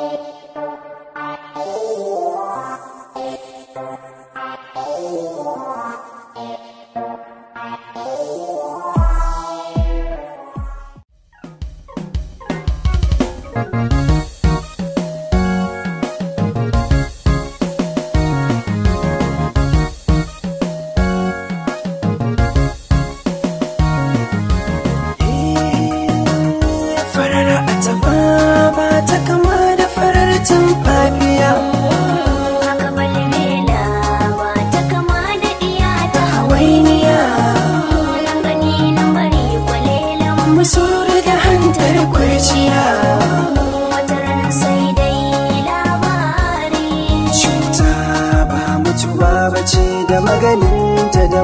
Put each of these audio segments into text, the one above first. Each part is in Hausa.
Oh.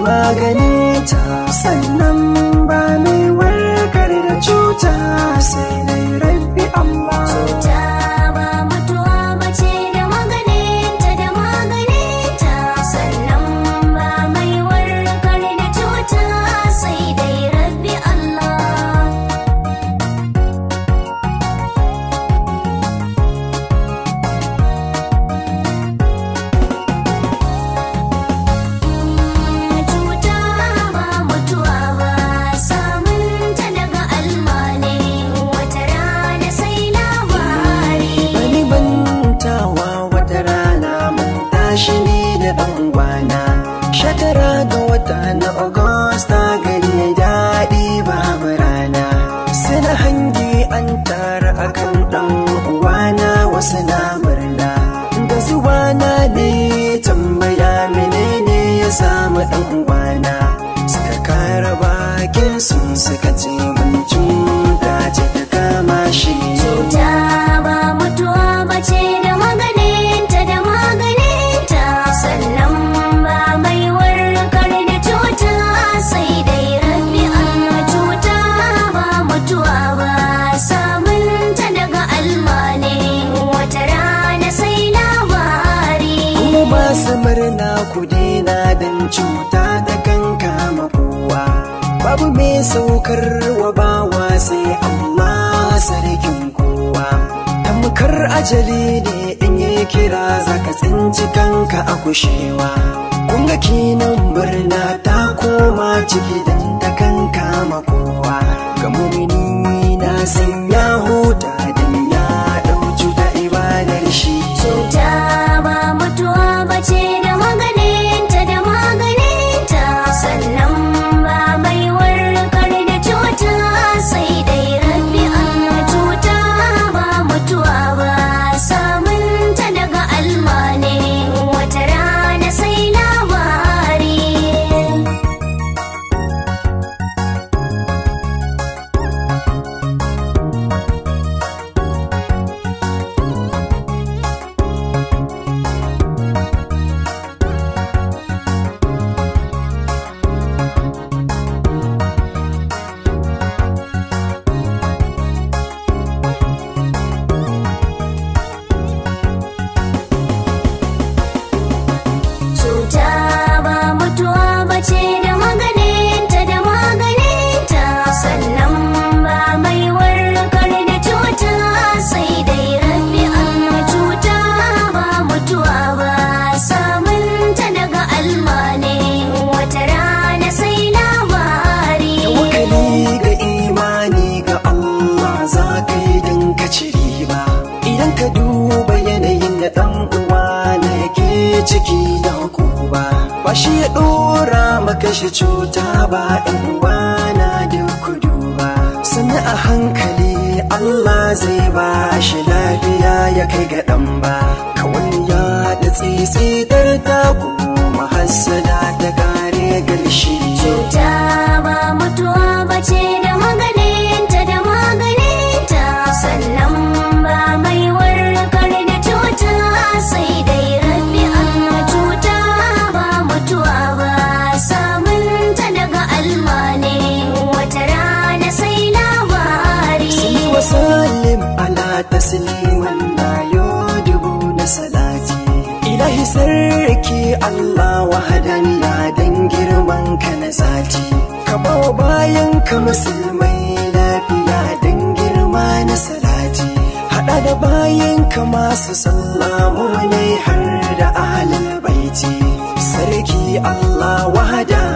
magani ta sannan ba mai warkar da cuta sai dai samu ɗan uwana suka kara bakin sun suka ce dan cuta da kanka kama kowa babu mai saukar wa bawa sai Allah sarkin kowa tamkar ajali ne in yi kira zaka tsinci kanka a kushewa kun ga kinan birna ta koma ciki don ta kan kama kowa ga mumini na san ya huta da ciki na hukuba. ba shi ya dora maka shi cuta ba ɗan uwana da kudu ba sannan a hankali Allah zai ba shi lafiya ya kai ga ɗan ba kawai ya da tsitsi dar ta ku mahassada ta kare cuta ba mutuwa ba ce da tasliman yo dubu na salati ilahi sarki Allah wahadan ya dan girman ka na sati ka bawa bayan ka musulmai lafiya dan girma na salati hada da bayan ka masu sallamu ne har da ahlul baiti sarki Allah wahadan